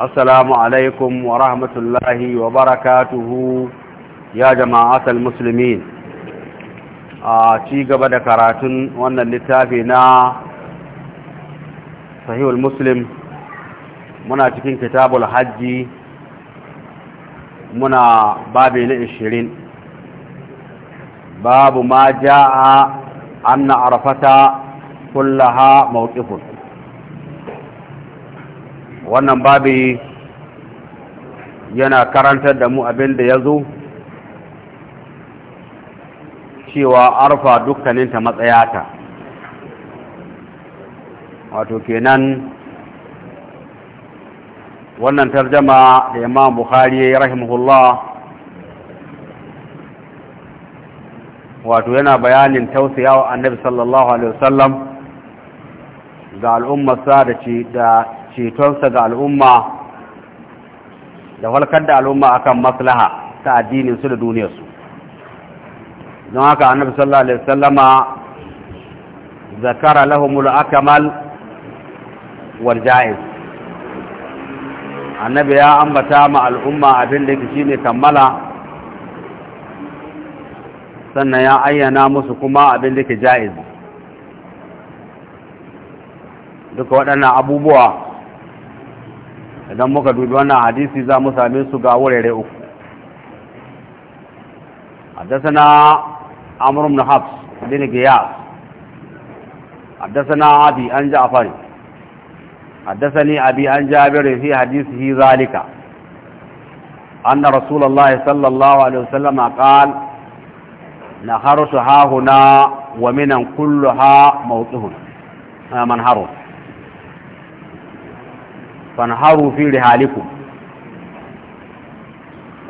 assalamu alaikum wa rahmatullahi wa barakatuhu ya jama'atul muslimin a ci gaba da karatun wannan littafi na sahihul muslim muna cikin kitabul hajji muna babi na babu ma ja'a anna arafata kullaha mawqifun wannan babi yana karantar da mu abin da ya zo cewa arfa dukkaninta matsayata wato kenan wannan tarjama da imam bukhari ya rahimahullah wato yana bayanin tausayawa annabi sallallahu alaihi wasallam ga al'ummarsa da ce da cetonsa ga al'umma da walkar da al'umma akan maslaha ta addininsu da duniyarsu don haka annabi sallallahu alaihi wasallama zakara lahumul akamal wal ja'iz annabi ya ambata ma al'umma abin da shine kammala sannan ya ayyana musu kuma abin da ke ja'iz duka waɗannan abubuwa idan muka dubi wannan hadisi za mu same su ga wurare uku حدثنا عمرو بن حفص بن غياث حدثنا أبي عن جعفر حدثني أبي عن جابر في حديثه ذلك أن رسول الله صلى الله عليه وسلم قال نحرس هاهنا ومن كلها موطه منهر fanharu fi rihalikum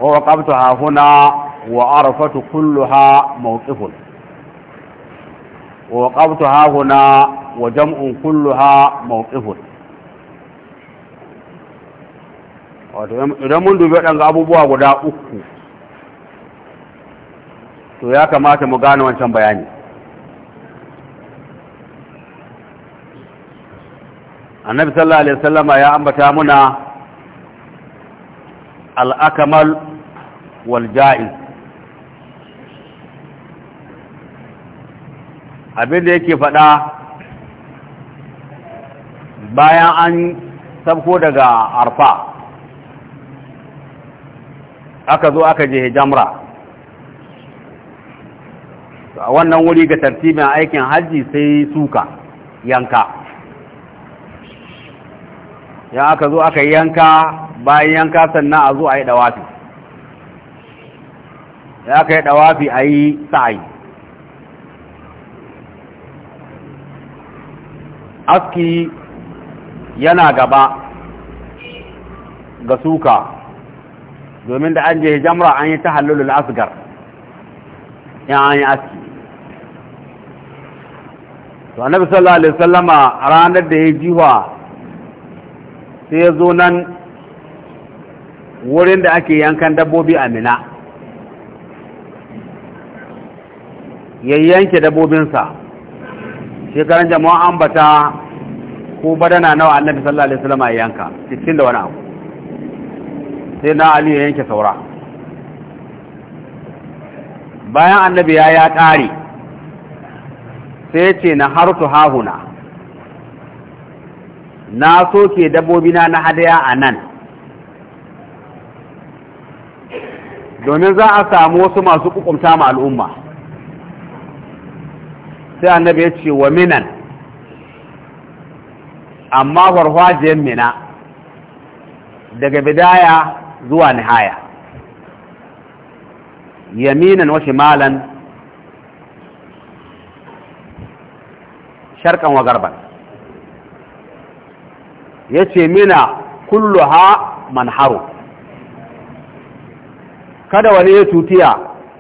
wa waqaftuha huna wa arafatu kulluha mawqifun wa waqaftuha huna wa jam'un kulluha mawqifun wato idan mun dubi waɗanga abubuwa guda uku to ya kamata mu gane wancan bayani annabi sallallahu alaihi wasallama ya ambata muna al-akmal wal ja'iz abinda yake fada bayan an sabko daga arfa aka zo aka je jamra a wannan wuri ga tartibin aikin hajji sai suka yanka ya aka zo aka yanka bayan yanka sannan a zo a yi dawafi ya aka yi dawafi a yi sa'ayi aski yana gaba ga suka domin da an je jamra an yi ta hallulul asgar ya an yi aski to annabi sallallahu alaihi wasallama ranar da ya jiwa sai ya zo nan wurin da ake yankan dabbobi a mina ya yanke dabbobinsa shekaran jama'a ambata ko badana nawa annabi sallallahu alaihi wasallam ya yanka cikin da wani abu sai na ali ya yanke saura bayan annabi ya ya kare sai ya ce na hartu hahuna na soke dabbobina na hadaya a nan domin za a samu wasu masu kukumta ma al'umma sai annabi ya ce wa minan amma farfajiyar mina daga bidaya zuwa nihaya yaminan wa malan sharkan wa garban ya ce mina kulluha manharu kada wani ya tutiya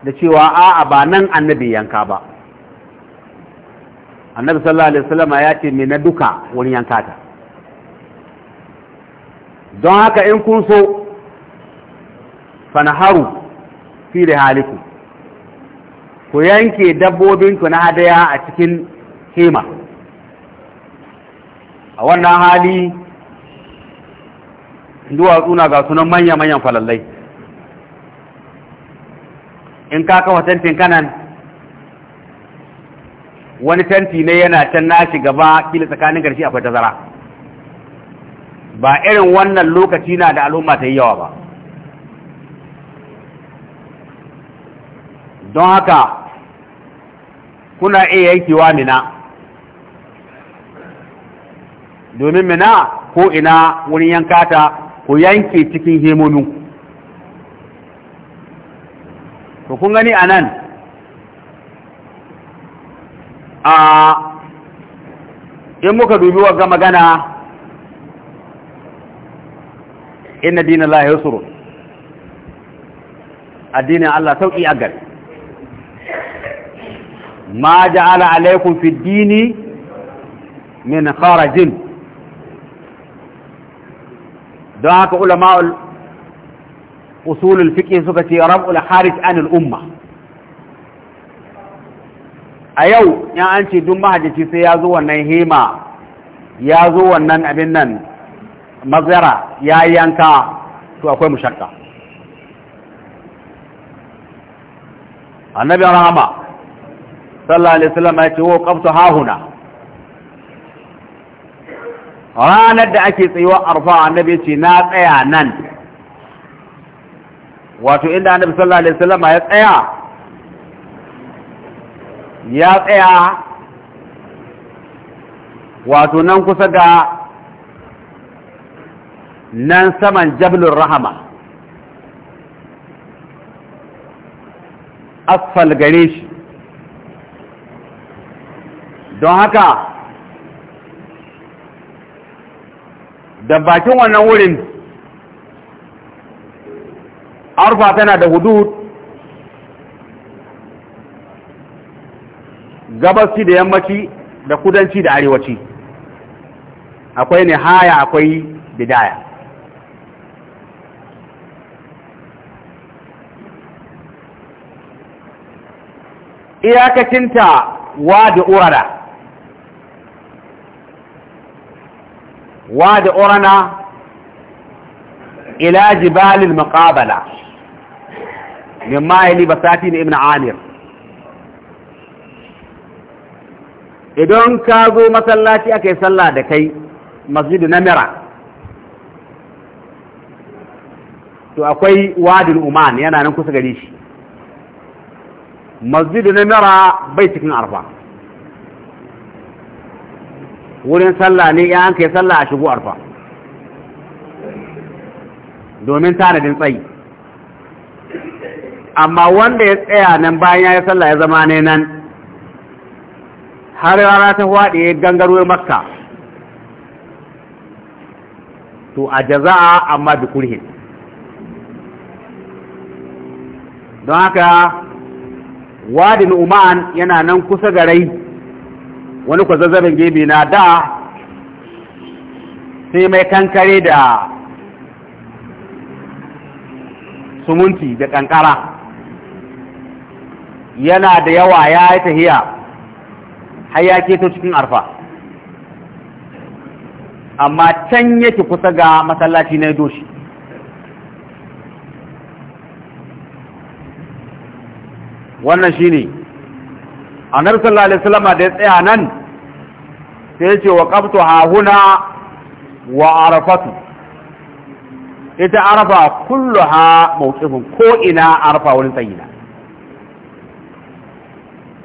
da cewa a'a ba nan annabi yanka ba annabi sallallahu alaihi wasallam ya ce mina duka wani yanka ta don haka in kun so fanharu fi haliku ku yanke dabbobinku na hadaya a cikin hema a wannan hali duwatsu na ga sunan manya-manyan falallai in ka kawo tentin kanan wani tenti ne yana can nashi gaba kila tsakanin garshi akwai tazara ba irin wannan lokaci na da al'umma ta yi yawa ba don haka kuna iya yankewa mina domin mina ko ina wurin yankata. ku yanke cikin hemominku to kun gani a nan a in muka dubi wa magana inna dina Allah ya suru addinin Allah sauƙi a gari ma ja'ala alaikum fi dini min kharajin don haka ulama'ul usulul fiqh suka ce rab'ul harith anil umma a yau ya an ce duk mahajjaci sai ya zo wannan hema ya zo wannan abin nan mazara ya yanka to akwai mushakka annabi rahama sallallahu alaihi wasallam ya ce wa qabtu hahuna ranar da ake tsayuwa arfa annabi ce na tsaya nan wato inda annabi sallallahu alaihi wasallam ya tsaya ya tsaya wato nan kusa da nan saman jablur rahama asfal gare shi don haka da bakin wannan wurin arfa tana da hudud gabasci da yammaci da kudanci da arewaci akwai ne haya akwai bidaya iyakacinta wa da urada wadi urana ila jibalil al-maqabala ba sati basatin ibn amir idan ka zo masallaci aka yi sallah da kai masjidu namira to akwai wadin uman yana nan kusa gari shi na namira bai cikin arfa wurin sallah ne ya an kai sallah a shigo arfa domin tanadin tsayi amma wanda ya tsaya nan bayan ya yi sallah ya zama ne nan har rana ta waɗe ya makka to a jaza'a amma bi kurhin don haka wadin uman yana nan kusa ga rai wani ku zazzabin gebe na da sai mai kankare da sumunti da kankara yana da yawa ya yi tahiya har ya keto cikin arfa amma can yake kusa ga masallaci na doshi wannan shine a sallallahu alaihi da ya tsaya nan sai ce wa qabtu ha huna wa arafatu ita arafa kulluha mawqifun ko ina arafa wurin tsayina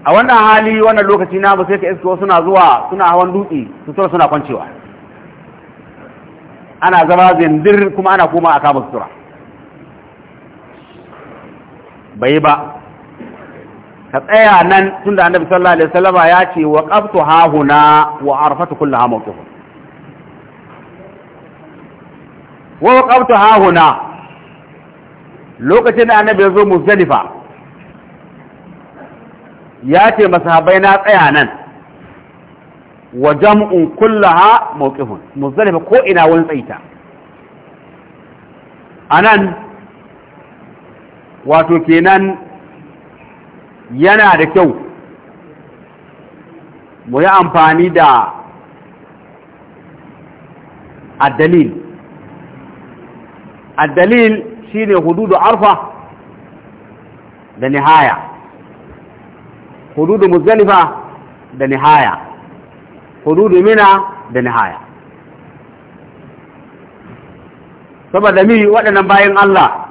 a wannan hali wannan lokaci na sai ka isko suna zuwa suna hawan dutse su tura suna kwancewa ana zama zindir kuma ana koma a kama sutura bai ba ka tsaya nan tunda annabi sallallahu alaihi wasallama ya ce wa qabtu huna wa arfatu ha mawqifu wa qabtu huna lokacin da annabi ya zo muzdalifa ya ce masahabai na tsaya nan wa jam'un kullaha mawqifun muzdalifa ko ina wani tsaita anan wato kenan yana da kyau mu yi amfani da addalil addalil shi ne hududu arfa da nihaya hududu muzalifa da nihaya hududu mina da nihaya saboda mi waɗannan bayan Allah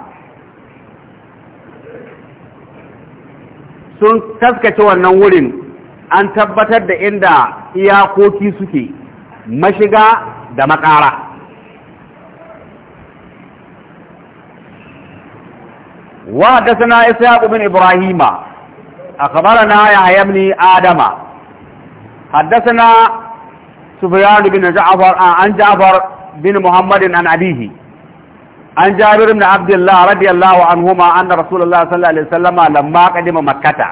sun taskaci wannan wurin an tabbatar da inda iyakoki suke mashiga da maƙara. Wa ta sana isa ya ƙubin Ibrahima a kamar na ya hayamni Adama, haddasa na sufiyar bin Ja'afar an Ja'afar bin Muhammadin an Adihi, an jabir ibn abdullah radiyallahu anhuma anna rasulullah sallallahu alaihi wasallam lamma qadima makkata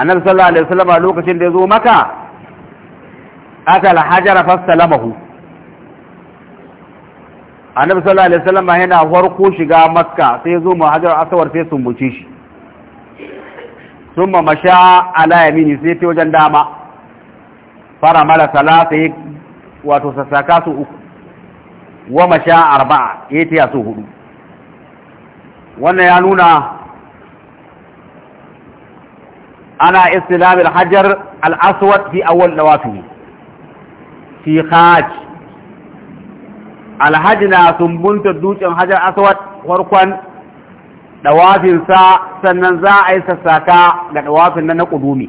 annabi sallallahu alaihi wasallam lokacin da yazo maka atal hajar fastalamahu annabi sallallahu alaihi wasallam yana farko shiga makka sai yazo mu hajar Asawar sai sun sumbuce shi summa masha ala yamini sai ta wajen dama fara mala salata wato sassaka su uku wa masha arba'a ya ta yaso hudu wannan ya nuna ana istilamin hajar al'aswad fi da fi hajj alhaji na sumbunta dutsen hajar aswad farkon ɗawafinsa sannan za a yi sassaka ga dawafin nan na kudumi.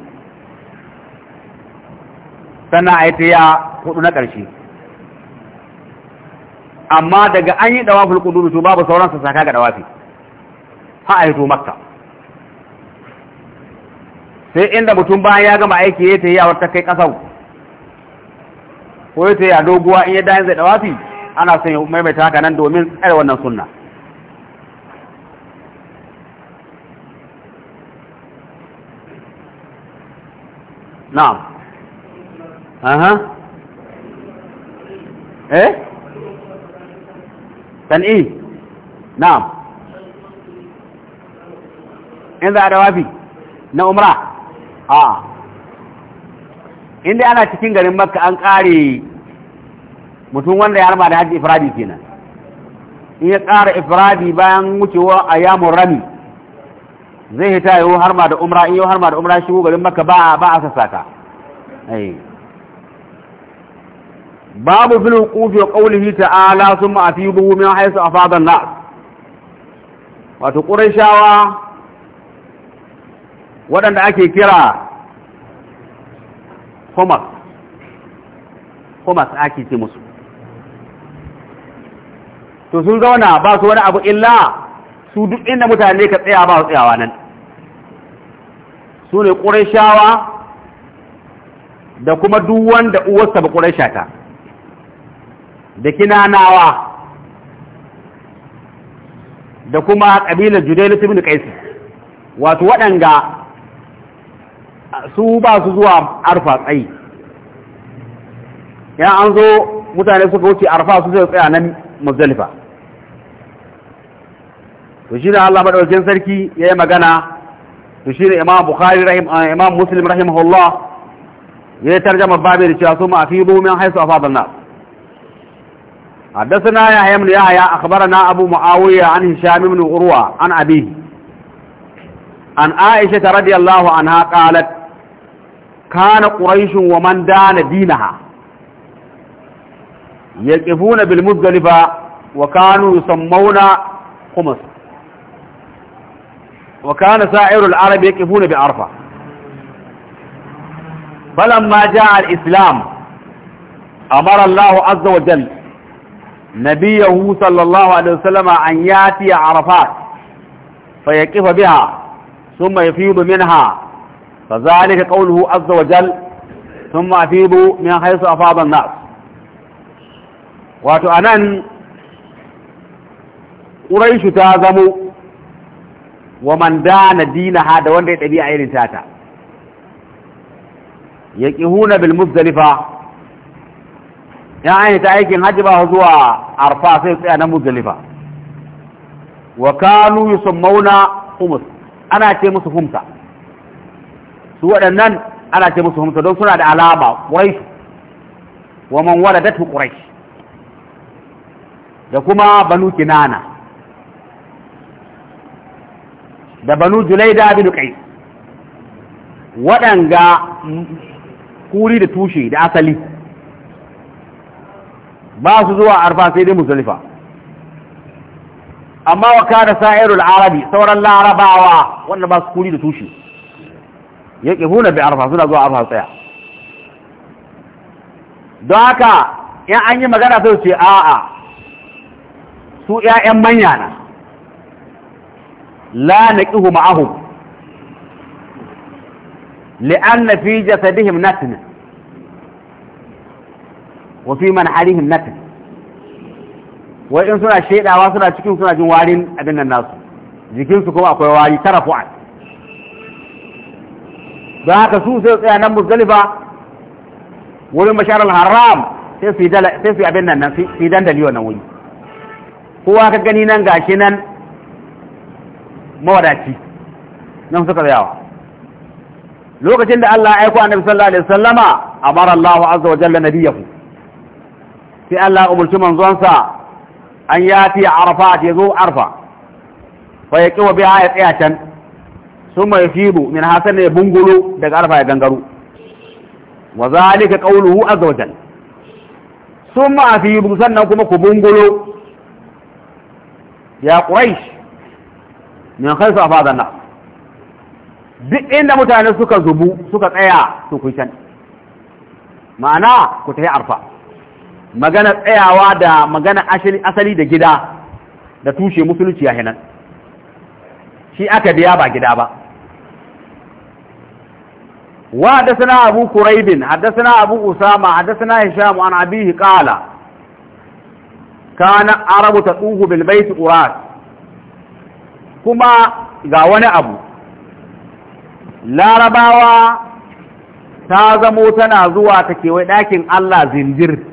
sannan a yi ta ya hudu na ƙarshe amma daga an yi dawaful qudus to babu sauran sa saka ga dawafi ha a hito makka sai inda mutum bayan ya gama aiki ya tayi a wata kai kasau ko yayi tayi a doguwa in ya dayan zai dawafi ana son ya maimaita taka nan domin tsare wannan sunna na'am aha eh tan'i na'am in za a dawafi na umra a inda ana cikin garin makka an kare mutum wanda ya harba da hajji ifradi kenan in ya kara ifradi bayan wucewa a yamun rami zai hita yau harma da umra in yau harma da umra shigo garin makka ba a sassaka eh. babu fil wuqufi wa qawlihi ta'ala thumma afidu min haythu afada an-nas wato qurayshawa waɗanda ake kira khumas khumas ake ce musu to sun zauna ba su wani abu illa su duk inda mutane ka tsaya ba su tsayawa nan su ne ƙurashawa da kuma duk wanda uwarsa ba ƙurasha ta da kinanawa da kuma ƙabilar na ibn qais wato waɗanga su ba su zuwa arfa tsayi ya an zo mutane suka wuce arfa su zai tsaya nan mazalifa? to shi da Allah madaukakin sarki ya yi magana to shi da imam bukhari rahim eh, imam muslim rahimahullah ya tarjama babin cewa su ma afidu min haisu fadar nasu حدثنا يحيى يا يا أخبرنا أبو معاوية عن هشام بن غروة عن أبيه عن عائشة رضي الله عنها قالت كان قريش ومن دان دينها يقفون بالمزدلفة وكانوا يسمون قمص وكان سائر العرب يقفون بعرفة فلما جاء الإسلام أمر الله عز وجل nabiyahu sallallahu alaihi wasallam an yati arafat fa yaqifa biha thumma minha fa zalika qawluhu azza wa jal thumma yafidu nas wato anan quraishu ta zamo wa manda dana dinaha da wanda ya dabi'a irin tata yaqihuna bil muzdalifah ya an ta aikin hajji ba zuwa arfa sai tsaya na muzalifa wa kanu yusammauna humus ana ce musu humsa su waɗannan ana ce musu humsa don suna da alama quraish wa man waladatu quraish da kuma banu kinana da banu julaida bin qais waɗanga kuri da tushe da asali ba su zuwa arfa sai dai musulifa amma wa kana sa'irul arabi sauran larabawa wanda ba su kuri da tushe ya huna bi arfa suna zuwa arfa tsaya don haka in an yi magana sai ce a'a su yayan manya na la ma'ahu li'an na fi jasadihim natinin wa fi man harihim natin wai in suna shaidawa suna cikin suna jin warin abin nan nasu jikinsu kuma akwai wari tara fu'an don haka su sai tsaya nan muzdalifa wurin bashar al-haram sai su yi abin nan su yi dandali wannan wuri kowa ka gani nan gashi nan mawadaci nan suka tsayawa lokacin da Allah ya aiko annabi sallallahu alaihi wasallama amara Allah azza wa jalla nabiyahu sai Allah ya umarci manzonsa an yati arfa ya zo arfa fa ya kiwa biya ya tsaya can sun mai fibu min hasan ya bungulo daga arfa ya gangaro wa zalika qawluhu azza wa jalla summa fibu sannan kuma ku bungulo ya quraish min khaysa afadan na. duk inda mutane suka zubu suka tsaya to kun can ma'ana ku tafi arfa magana tsayawa da magana asali da gida da tushe musulunci ya hinan shi aka biya ba gida ba wa haddasana abu kuraibin haddasana abu usama haddasana hisham an abihi qala kana arabu taquhu bil bait urat kuma ga wani abu larabawa ta zamo tana zuwa take wai dakin Allah zinjir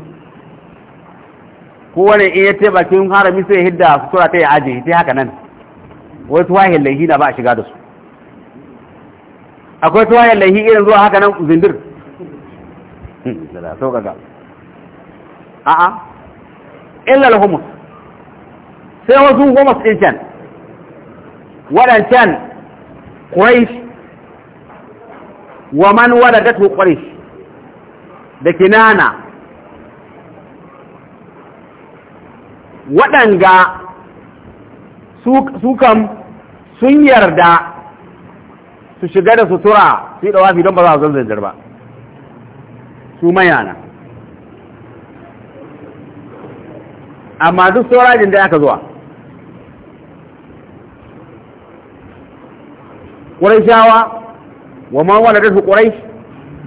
kowane in ya ce bakin harami sai hidda sutura ta ya aji ta haka nan wai tuwahin laihi na ba a shiga da su akwai tuwahin laihi irin zuwa haka nan zindir a'a illal humus sai wasu humus din can waɗancan quraish wa man waladatu quraish da kinana waɗanga su kam sun yarda su shiga da sutura su yi ɗawafi don ba za su zanzanjar ba su mayana amma duk saurajin da aka zuwa ƙuraishawa wa man da su ƙuraish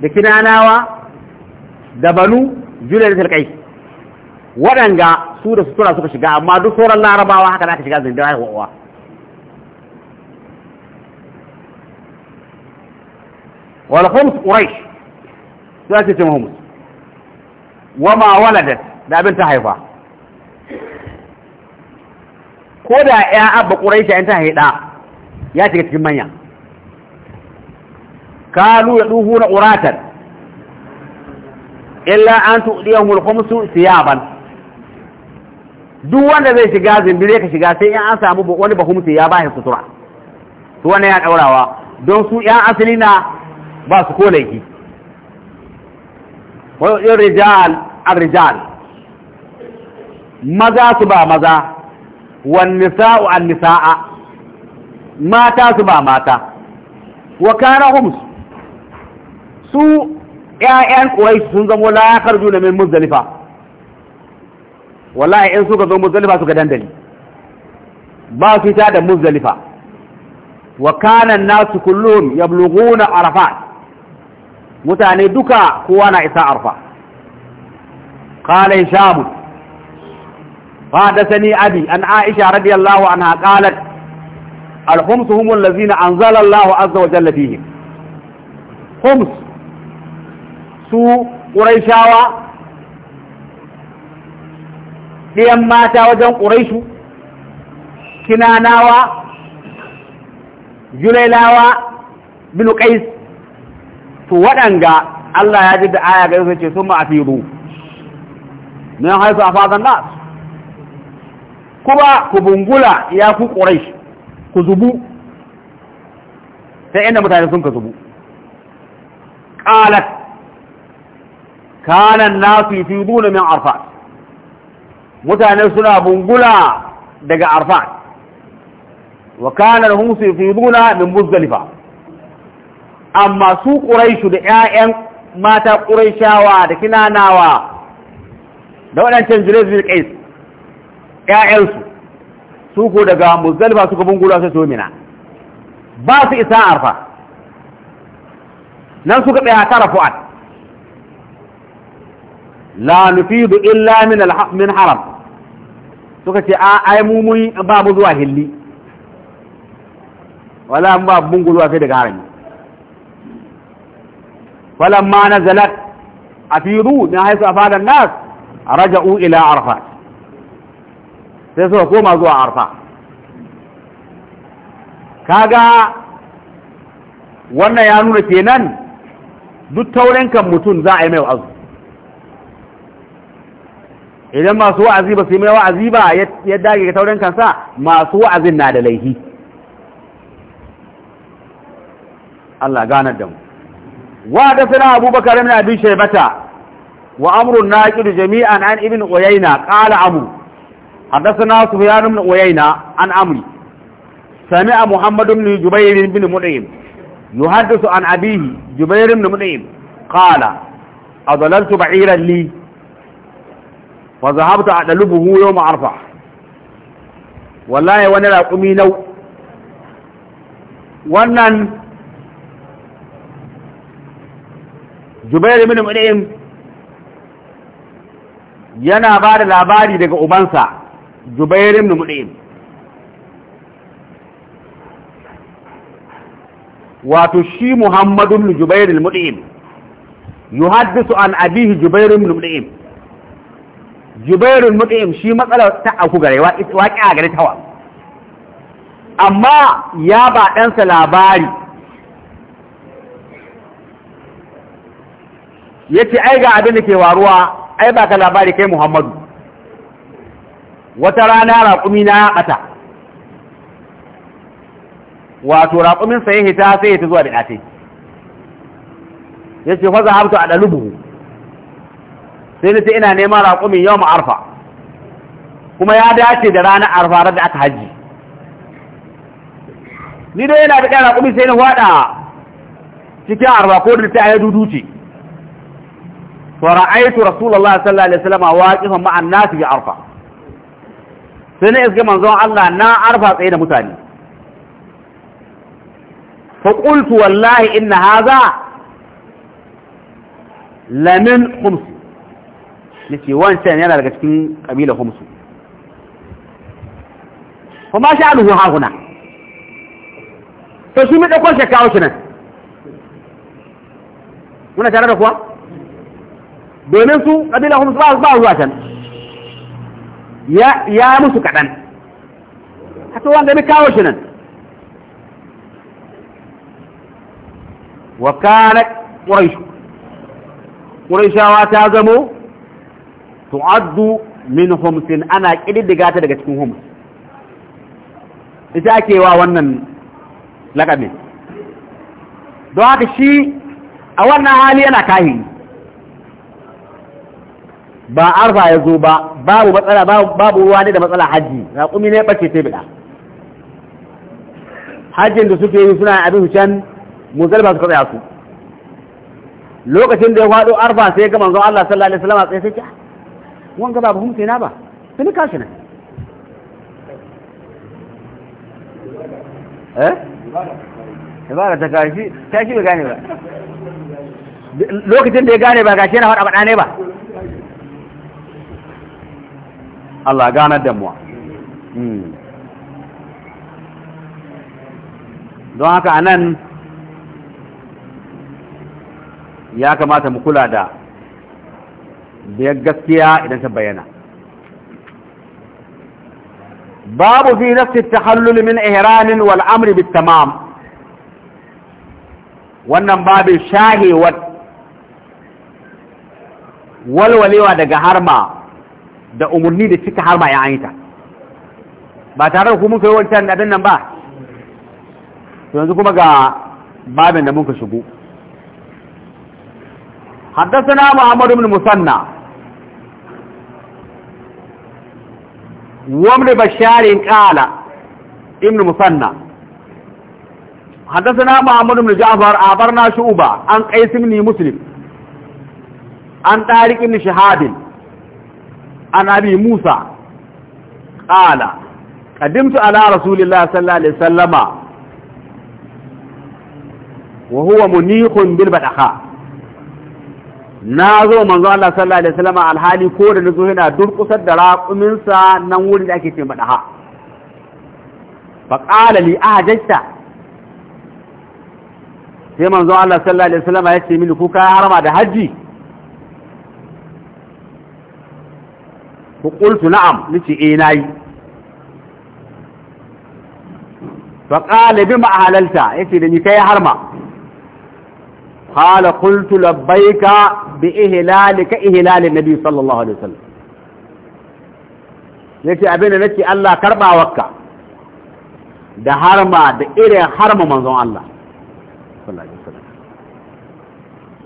da kinanawa da banu jula da talƙai waɗanga su da su tura suka shiga amma duk sauran larabawa haka za ka shiga zindar haihuwa wal khums quraish su ake ce mahmus wa ma waladat da abin ta haifa ko da ya abba quraish in ta haida ya shiga cikin manya kalu yaduhuna uratan illa an tu'diyahum al khums siyaban duk wanda zai shiga zimbire ka shiga sai in an samu wani bahumti ya bashi sutura to wannan ya daurawa don su yan asali na ba su ko laifi wani rijal a rijal maza su ba maza wan nisa'u an nisa'a mata su ba mata wa kana hums su ƴaƴan kuwai sun zamo la ya karju na min muzdalifa wallahi in suka zo muzdalifa suka dandali ba su ta da muzdalifa wa kana nasu kullum yablughuna arafat mutane duka kowa na isa arfa qala hisham حدثني abi أن عائشة رضي الله عنها قالت الخمس هم الذين أنزل الله عز وجل فيهم خمس su ƙuraishawa ɗiyan mata wajen ƙuraishu kinanawa julailawa binu to waɗanga Allah ya ji da aya ga yasa ce sun ma a ma'afiru min haifu a fazan Ku kuma ku bungula ya ku ƙuraish ku zubu sai inda mutane sun ka zubu ƙalat kanan nasu fi fi min arfat mutane suna bungula daga arfan wa kanar hun su fi buna min muzdalifa amma su ƙuraishu da 'ya'yan mata ƙuraishawa da kinanawa da waɗancan jirezin ƙais 'ya'yansu su ko daga muzdalifa suka bungula sai su mina ba su isa arfa nan suka ɗaya tara fu'ad la nufidu illa min min haram suka ce a ai mu mun ba mu zuwa hilli wala mu ba mun zuwa sai daga harami falamma nazalat afiru na haisu afada nas raja'u ila arfa sai suka koma zuwa arfa kaga wannan ya nuna kenan duk taurenkan mutum za a yi mai wa'azu idan masu wa'azi ba su yi mai wa'azi ba ya dage ga taurin kansa masu wa'azin na da laihi Allah ganar da mu wa da abubakar ibn abi shaybata wa amrun naqid jami'an an ibn uyayna qala amu حدثنا سفيان بن عيينة عن عمرو سمع محمد بن جبير بن an يحدث عن أبيه جبير بن مطعم قال أضللت بعيرا لي fa zahabtu adalubuhu huyo ma'arfa. wallahi wani raƙumi nau wannan Jubair ibn Mud'im yana ba da labari daga ubansa Jubair ibn Mud'im wato shi Muhammadu ibn Jubair ibn Mud'im haddisu an abihi Jubair ibn Mud'im jubairun mutum shi matsala ta aku gare wa waƙi a gare tawa amma ya ba ɗansa labari ya ce ai ga abin da ke waruwa ai ba ka labari kai muhammadu wata rana raƙumi na ya ɓata wato raƙuminsa ya hita sai ya ta zuwa da ɗate ya ce faza habtu a ɗalubu sai nace ina neman raƙumin yau arfa kuma ya dace da ranar arfa da aka haji ni dai yana da ɗan raƙumi sai na waɗa cikin arfa ko da ta ya dudu ce fara'aitu rasulullah sallallahu alaihi wasallam waqifan ma'an nas bi arfa sai na iske manzon Allah na arfa tsaye da mutane fa qultu wallahi inna hadha lamin khums yace wancan yana daga cikin kabila humsu kuma sha'anuhu ha huna to shi mai ɗaukar shakka shi nan muna tare da kuwa domin su kabila humsu ba zuwa can ya musu kaɗan haka wanda mai kawo shi nan wa kanat ƙuraishu ƙuraishawa ta zamo tu'addu min humsin ana kididdiga ta daga cikin hums ita ake wa wannan lakabin don haka shi a wannan hali yana kahi ba arfa ya zo ba babu matsala babu ruwa ne da matsala hajji kumi ne ɓace ta bida hajjin da suke yi suna abin can muzalba su kasa su lokacin da ya faɗo arfa sai ga manzon Allah sallallahu alaihi wasallam sai sai wanga ba buhun sai na ba tuni kashi na eh ibara ta kashi ta shi ba gane ba lokacin da ya gane ba gashi yana faɗa faɗa ne ba Allah gana da mu hmm. don haka anan ya kamata mu kula da biyar gaskiya idan ta bayyana babu fi nafsi tahallul min ihramin wal amri tamam wannan babin shahewar walwalewa daga harma da umarni da cika harma ya ayita ba tare da kuma kai wancan da nan ba yanzu kuma ga babin da muka shigo حدثنا محمد بن مسنى وابن بشار قال ابن مسنى حدثنا محمد بن جعفر عبرنا شعوبة عن قيس بن مسلم عن طارق بن شهاب عن أبي موسى قال قدمت على رسول الله صلى الله عليه وسلم وهو منيخ بالبدخاء na zo manzo Allah sallallahu alaihi wasallam alhali ko da nazo yana durkusar da raqumin sa nan wurin da ake ce madaha fa qala li ahajjta sai manzo Allah sallallahu alaihi wasallam ya ce mini ku ka harama da haji ku qultu na'am nace eh nayi fa qala bima ahalalta yace da ni kai harma قال قلت لبيك بإهلالك إهلال النبي صلى الله عليه وسلم نتي أبينا نتي الله كربا وكا ده حرما ده إلي من منظوم الله صلى الله عليه وسلم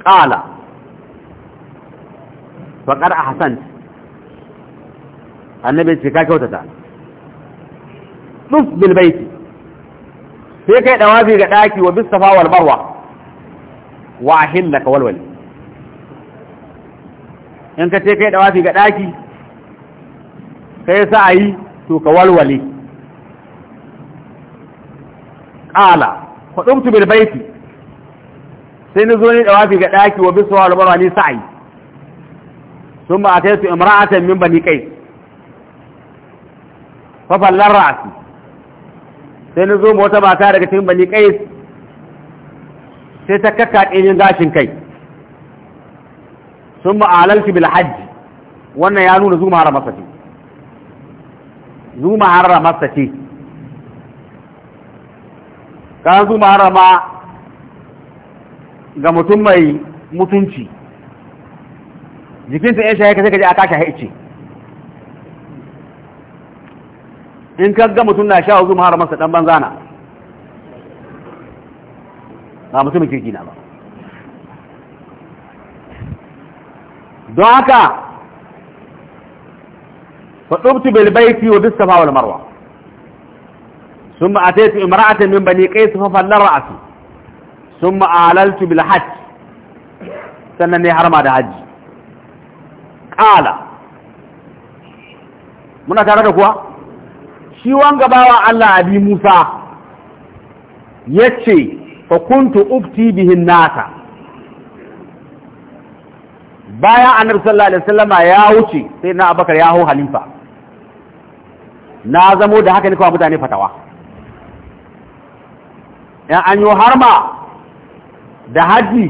قال فقر أحسنت النبي سكاكي وتتا نصب البيت فيك يتوافي قتاكي وبالصفا والبروة wa da walwali in ka ce kai da wafi ga daki kai sa ayi to ka walwali qala qadumtu bil baiti sai ni zo ni da wafi ga daki wa bisu wa barwa ni sa'i su imra'atan min من بني kai ففلل راسي sai ni zo wata mata daga cikin bani kai. sai ta kakka ɗinin gashin kai sun ma'alalci bil hajji wannan ya nuna zuma har masa ce zuma har masa ce kan zuma har ma ga mutum mai mutunci jikinsa ya shaye ka sai ka je a kashe haice in ka ga mutum na sha zuma har masa dan banzana ba mutumin kirki na ba don haka فطبت بالبيت وبالصفا والمروة ثم أتيت امرأة من بني قيس ففل رأسي ثم أعللت بالحج سنني حرم هذا حج قال muna tare da kuwa shi wanga bawa Allah abi Musa yace fakuntu kuntu ukti bihin nata bayan annabi sallallahu alaihi wasallama ya wuce sai na abakar ya hau halifa na zamo da haka ne kawai mutane fatawa yan an yi harma da haji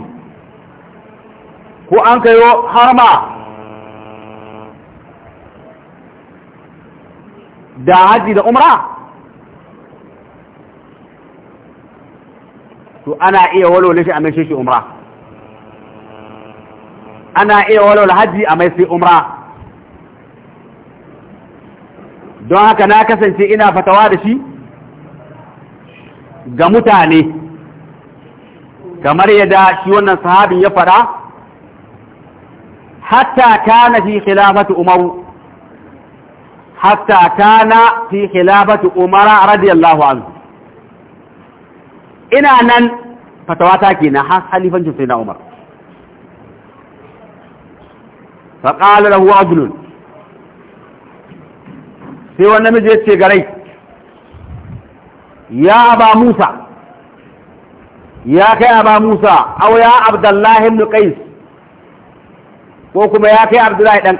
ko an kayo harma da haji da umra to ana iya walwale a mai umra ana iya walwale hajji a mai sai umra don haka na kasance ina fatawa da shi ga mutane kamar yadda shi wannan sahabin ya faɗa, hatta kana fi khilafati umaru hatta kana fi khilafati umara radiyallahu anhu ina nan fatawata kenan har halifancin sai na Umar faƙalar qala gulun sai wannan miji ya ce garai ya aba Musa ya kai aba Musa au ya Abdullah ibn ko kuma ya kai Abdullah dan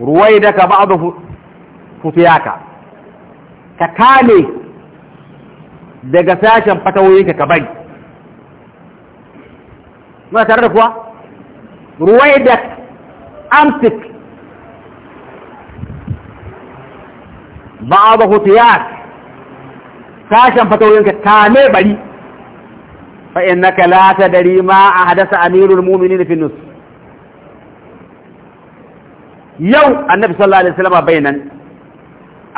ruwai daga ba'adu fufiyaka ka kame daga sashen fatawoyinka ka bari muna tare da kuwa ruwaidak amtik ba'adha hutiyat sashen fatawoyinka kame bari fa innaka la tadri ma ahdasa amirul mu'minin na Finus? yau annabi sallallahu alaihi wasallam bayanan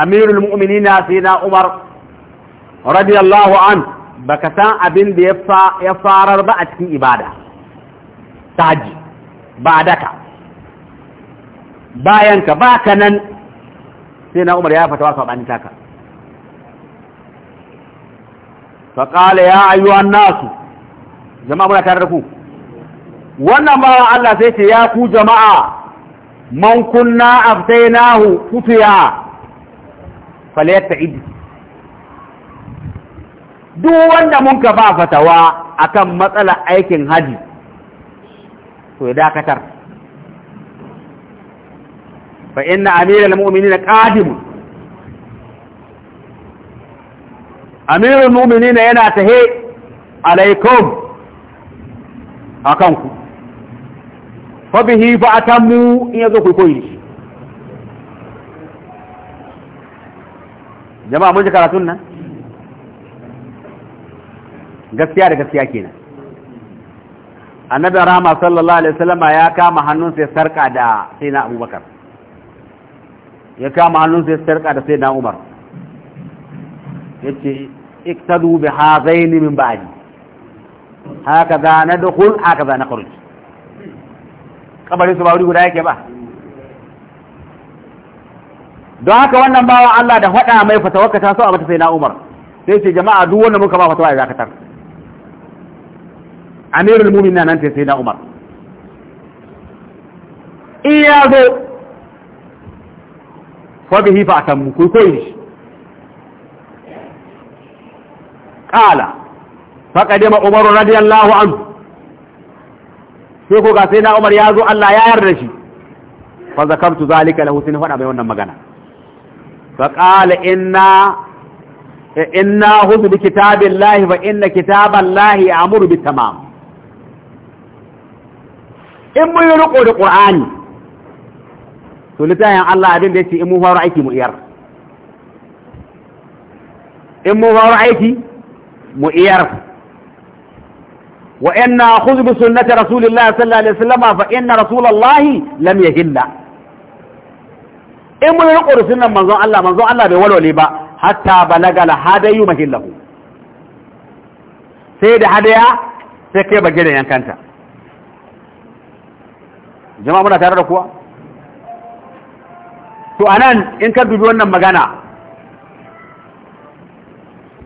amirul mu'minin sayyidina umar radiyallahu an baka san abin da ya farar ba a cikin ibada taji ba daka bayanka baka nan sai na umar ya fatawa saɓanin taka faƙala ya ayyuan nasu jama'a muna tare da ku wannan ba Allah sai ce ya ku jama'a man kunna aftainahu futiya falyatta idi duk wanda mun ka ba fatawa akan matsalar aikin haji to ya dakatar fa inna amiral mu'minina qadim amirul mu'minina yana tahe alaikum akan ku fa bihi fa atammu in yazo ku koyi jama'a mun ji karatun nan gaskiya da gaskiya kenan annabi rama sallallahu alaihi wasallam ya kama hannun sai sarka da sai na abubakar ya kama hannun sai sarka da sai na umar yace iktadu bi hazaini min ba'di hakaza nadkhul hakaza nakhruj kabarin su ba wuri guda yake ba don haka wannan bawa Allah da faɗa mai fatawarka ta so a mata sai na Umar sai ce jama'a duk wanda muka ba fatawa ya zakatar amirul mu'minin nan sai na umar in ya zo fa bihi fa atammu ku koyi shi kala qala faqadima Umaru radiyallahu anhu sai ko ga sai na umar ya zo Allah ya yarda shi fa zakartu zalika lahu sun fada mai wannan magana fa qala inna inna huzu bi kitabillahi fa inna kitaballahi amuru bitamam in mun yi riko da qur'ani to littafin Allah abin da yace in mun fara aiki mu iyar in mun fara aiki mu iyar wa inna khudh bi sunnati rasulillahi sallallahu alaihi wasallam fa inna rasulallahi lam yahilla in mun riko da sunnan manzon Allah manzon Allah bai walwale ba hatta balagal hadayu mahillahu sai da hadaya sai kai bagire yankanta jama'a muna tare da kowa to anan in ka dubi wannan magana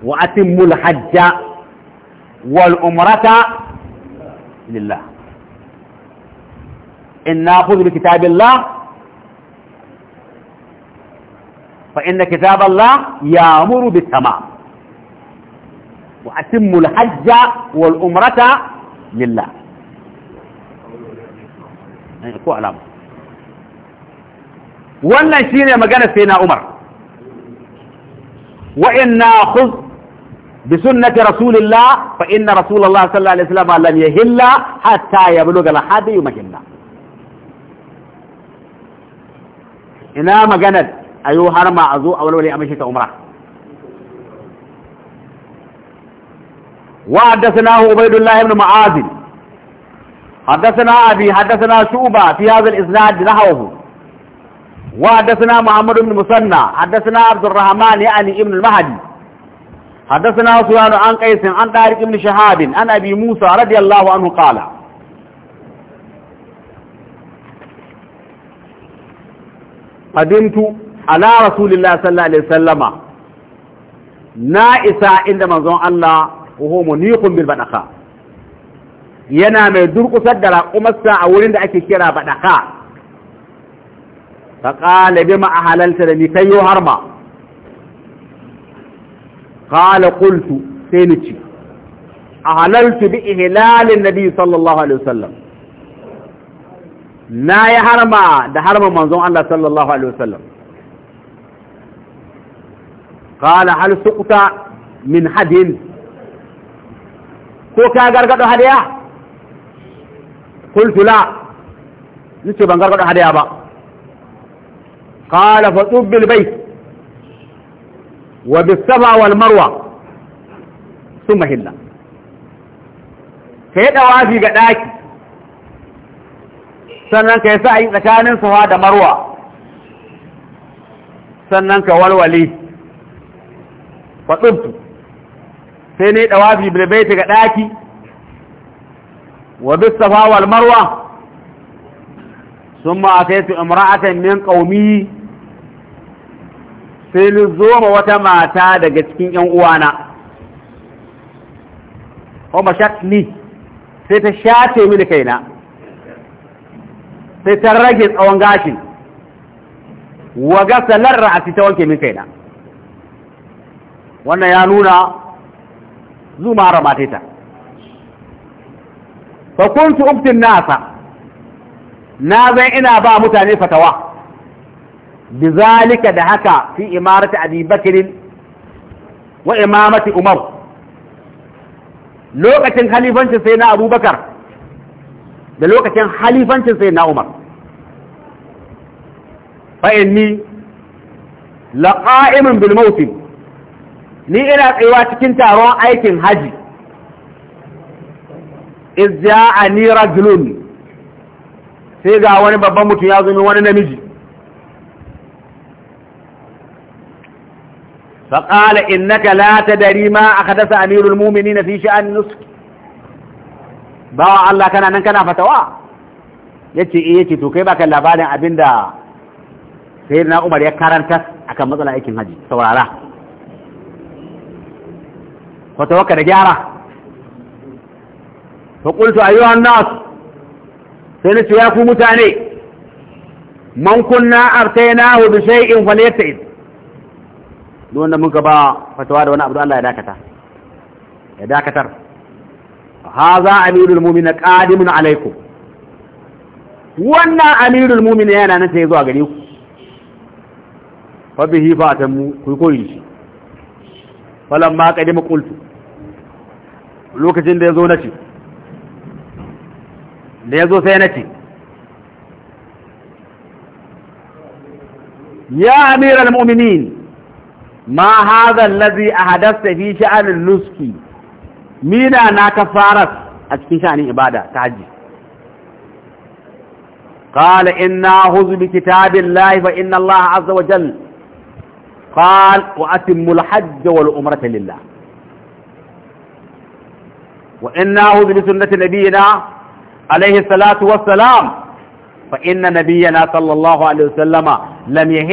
wa atimul hajja wal umrata lillah in na'khudhu bi kitabillah fa inna kitaballah ya'muru bit tamam wa atimul hajja wal umrata lillah Eh, ko alama wannan shine magana sai na Umar wa inna khudh bi sunnati rasulillah fa inna rasulullah sallallahu alaihi wasallam lam yahilla hatta yablugha al-hadi mahilla ina magana ayo har ma azo a walwale a mashi ta umra وحدثناه عبيد الله بن معاذ حدثنا أبي حدثنا شعبة في هذا الإسناد نحوه وحدثنا محمد بن مسنى حدثنا عبد الرحمن يعني ابن المهدي حدثنا سؤال عن قيس عن طارق بن شهاب عن أبي موسى رضي الله عنه قال قدمت على رسول الله صلى الله عليه وسلم نائسا عند منظوم الله وهو منيق بالبنخاء yana mai durkusar da raƙumarsa a wurin da ake kira baɗaƙa ta ƙalibi ma'a halalta da nita yi har ma ƙala ƙultu sai ni ci a halaltu bi ihilalin nabi sallallahu alaihi wasallam na yi har da har manzon Allah sallallahu alaihi wasallam ƙala hal suƙuta min hadin ko ka gargaɗo hadiya? ya qultu la nace ban gargada hadaya ba qala fa tub bil bayt wa bis safa wal marwa thumma ga daki sannan kai sa'i tsakanin safa da marwa sannan ka walwale fa sai ne dawafi bil bayt ga ɗaki. وبالصفا والمروة ثم أتيت امرأة من قومي sai ni zo wata mata daga cikin ‘yan uwana, o mashakli sai ta shafe mini kaina, sai ta rage tsawon gashin, wa gasa larra a ta wanke mini kaina. Wannan ya nuna zuma mara mateta. fa kuntu ubtin nasa na zan ina ba mutane fatawa bizalika da haka fi imarati abi bakirin wa imamati umar lokacin halifancin sai na abubakar da lokacin halifancin sai na umar fa'inni laƙa'imin bilmautin ni ina tsayuwa cikin taron aikin haji izya a nira sai ga wani babban mutum ya zumi wani namiji faƙala innaka la ta dari ma a kadasa amirul mumini na fi sha'an ba wa Allah kana nan kana fatawa ya ce iya eh, ce to kai baka labarin abinda sai na umar ya karanta akan matsala aikin haji saurara fatawa ka da gyara fa qultu ayyuhan nas sai nace ya ku mutane man kunna artaynahu bi shay'in falyata'id duk wanda muka ba fatawa da wani abu Allah ya dakata ya dakatar haza amirul mu'minin qadimun alaikum wannan amirul mu'minin yana nan sai zuwa gare ku fa bihi mu ku koyi shi ma qadima kultu lokacin da yazo nace ليزو سينتي يا أمير المؤمنين ما هذا الذي أحدث في شأن اللسكي مين أنا كفارت أتفين شأن إبادة تعجي قال إنا هز بكتاب الله فإن الله عز وجل قال وأتم الحج والأمرة لله وإنا هز بسنة نبينا alaihi salatu wassalam fa inna hadisin manzon Allah sallallahu alaihi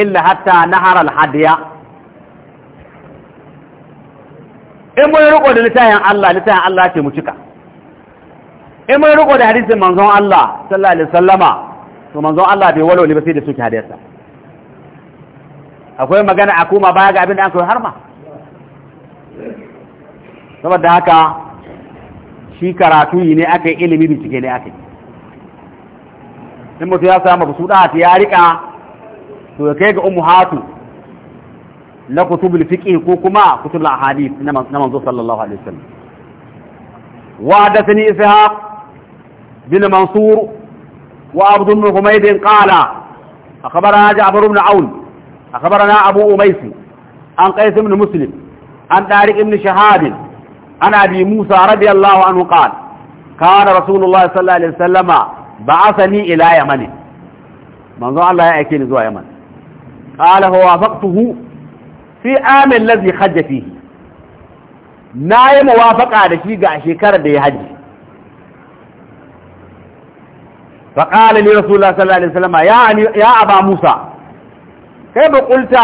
sai akwai magana a koma baya ga abin da aka yi harma saboda haka shi karatu ne aka yi ilimi bincike ne aka yi in mutu ya samu su da ta ya rika to ya kai ga ummu hatu na kutubul fiqh ko kuma kutubul ahadith na manzo sallallahu alaihi wasallam wa hadathani ishaq bin mansur wa abd ibn humayd qala akhbarana ja'far ibn aun akhbarana abu umays an qais ibn muslim an tariq ibn shahab عن أبي موسى رضي الله عنه قال كان رسول الله صلى الله عليه وسلم بعثني إلى يمن منظر الله يأكين زوى يمن قال فوافقته في عام الذي خج فيه نايم وافق على شيء شكر دي حج فقال لي رسول الله صلى الله عليه وسلم يا, يا أبا موسى كيف قلت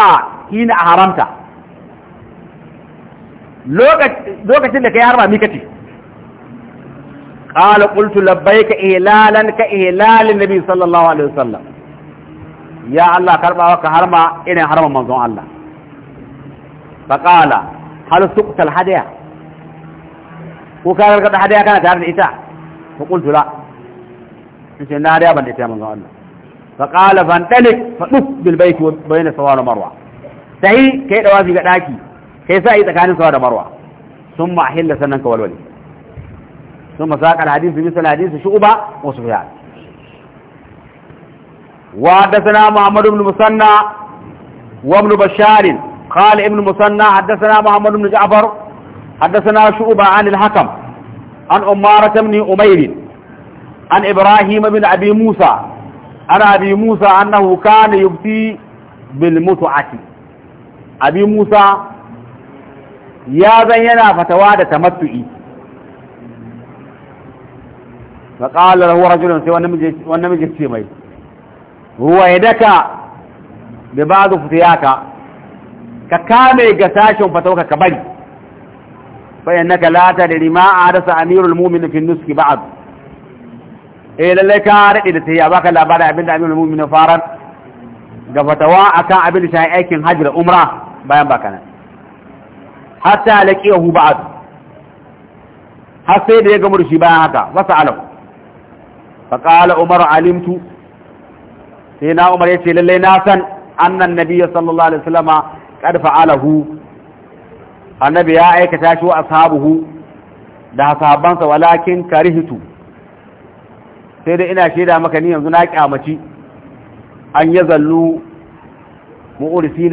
حين أحرمت lokacin da kai harba mi kace qala qultu labbaika ihlalan ka ihlalin nabi sallallahu alaihi wasallam ya Allah karbawa ka harma irin harma manzon Allah faqala hal suqtal hadaya ko ka gargada hadaya kana tare da ita fa qultu la sai na hadaya ban da ita manzon Allah faqala fantalik fa duf bil baiti bayna sawa wa marwa sai kai dawafi ga daki كيف أي تكاني سوى دمروة ثم أحل سننك والولي ثم ساق الحديث مثل الحديث شعبة وصفيات وحدثنا محمد بن مسنى وابن بشار قال ابن مسنى حدثنا محمد بن جعفر حدثنا شعبة عن الحكم عن أمارة بن أمير عن إبراهيم بن أبي موسى عن أبي موسى أنه كان يبتي بالمتعة أبي موسى ya zan yana fatawa da tamattu'i fa qala lahu rajulun sai wani namiji ce mai huwa yadaka bi ba'd futiyaka ka kame ga sashin fatawka ka bari fa innaka la tadri ma adasa amirul mu'minin fi nuski ba'd eh lalle ka rade da tayya baka labarin abinda amirul mu'minin faran ga fatawa akan abin da shi aikin hajji umra bayan baka nan hatta laqiyahu ba'd har sai da ya gamu da shi bayan haka masa alam fa umar alimtu sai na umar yace lallai na san annan ya sallallahu alaihi wasallama qad alahu annabi ya aikata shi wa ashabuhu da sahabbansa walakin karihitu sai dai ina shaida maka ni yanzu na kyamaci an yazallu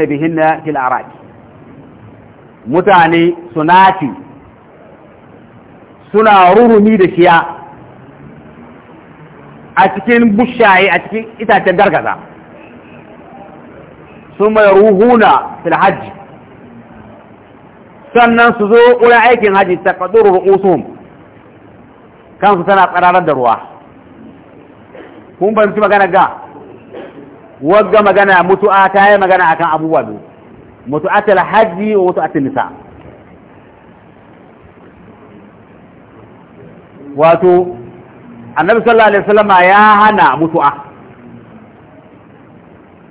na bihinna fil araq mutane sunati suna rurumi da shiya a cikin bushaye a cikin itacen gargaza sun mai ruhuna fil sannan su zo wurin aikin hajji ta kadurar usum kansu tana tsararar da ruwa kun su magana ga wagga magana mutu'a ta yi magana akan abubuwa biyu mutu'at al-hajji wa mutu'at nisa wato annabi sallallahu alaihi wasallama ya hana mutu'a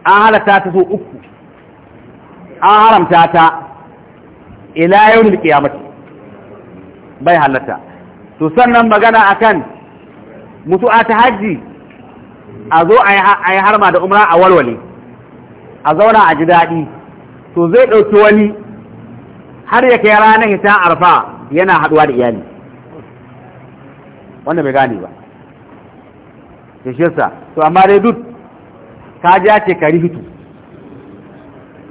an halatta ta so uku an haramta ta ila yawmil qiyamati bai halatta to sannan magana akan mutu'a ta haji a zo a yi harma da umra a walwale a zauna a ji daɗi to zai ɗauki wani har ya kai ranar hitan arfa yana haɗuwa da iyali wanda bai gane ba da shirsa to amma dai duk ka ja ce kari hitu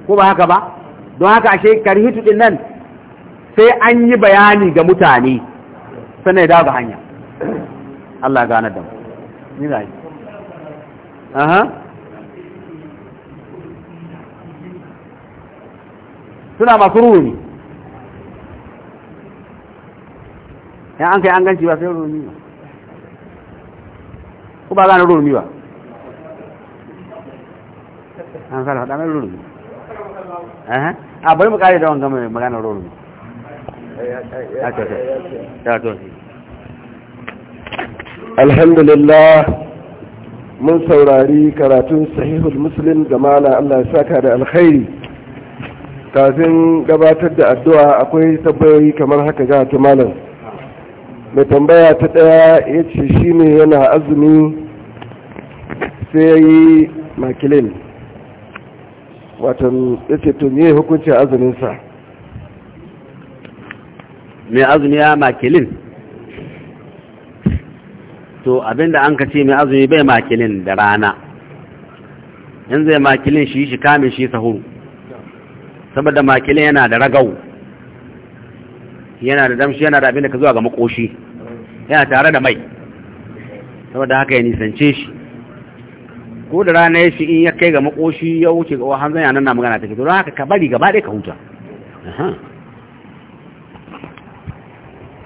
ko ba haka ba don haka ashe kari hitu ɗin nan sai an yi bayani ga mutane sannan ya dawo hanya Allah gane da mu ni ga yi aha suna masu ne. yan an kai an ganci ba sai ruhuni ba ko ba gane ne ba an sa faɗa mai ne. a bari mu kare da wanga mai maganar ruhuni alhamdulillah mun saurari karatun sahihul muslim da mala Allah ya saka da alkhairi kafin gabatar da addu'a akwai tabbayoyi kamar haka ga ta malam mai tambaya ta ɗaya ya ce shi ne yana azumi sai ya yi makilin watan ya ce tun yi hukuncin azuminsa mai azumi ya makilin to abinda an ka ce mai azumi bai makilin da rana yanzu ya makilin shi shi kamin shi sahuru saboda makilin yana da ragau yana da damshi yana da abin da ka zuwa ga makoshi yana tare da mai saboda haka ya nisance shi ko da rana ya shi in ya kai ga makoshi ya wuce ga wahan zanya nan na magana take don haka ka bari gaba ɗaya ka huta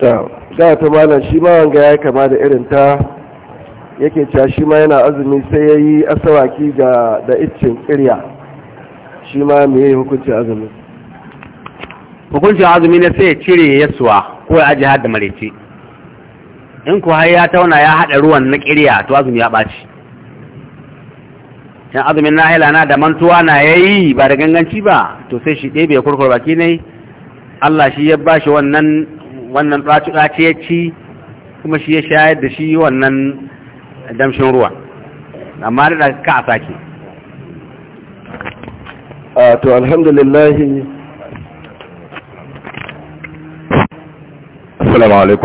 ta za ta malam shi ma wanga ya kama da irin ta yake cewa shi ma yana azumi sai ya yi asawaki da da iccin tsirya shi ma yi hukunci azumi hukuncin azumi ne sai cire ya suwa ko ya aji hada marece in ku har ya tauna ya haɗa ruwan na ƙirya to azumi ya ɓaci can azumin na haila na da mantuwa na ya yi ba da ganganci ba to sai shi ɗebe ya kurkur baki ne Allah shi ya ba shi wannan wannan ɗaci ya ci kuma shi ya shayar da shi wannan damshin ruwa amma da ka a sake a to alhamdulillahi assalamu alaikum